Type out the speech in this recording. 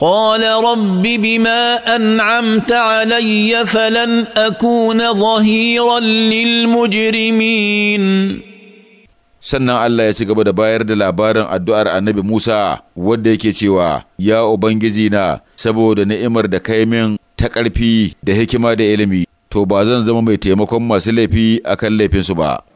قال رب بما انعمت علي فلن اكون ظهيرا للمجرمين sannan Allah ya ci gaba da bayar da labarin addu'ar annabi Musa wadda yake cewa, “Ya Ubangiji na, saboda ni'imar da kai min ta ƙarfi da hikima da ilimi, to ba zan zama mai taimakon masu laifi akan laifinsu ba.”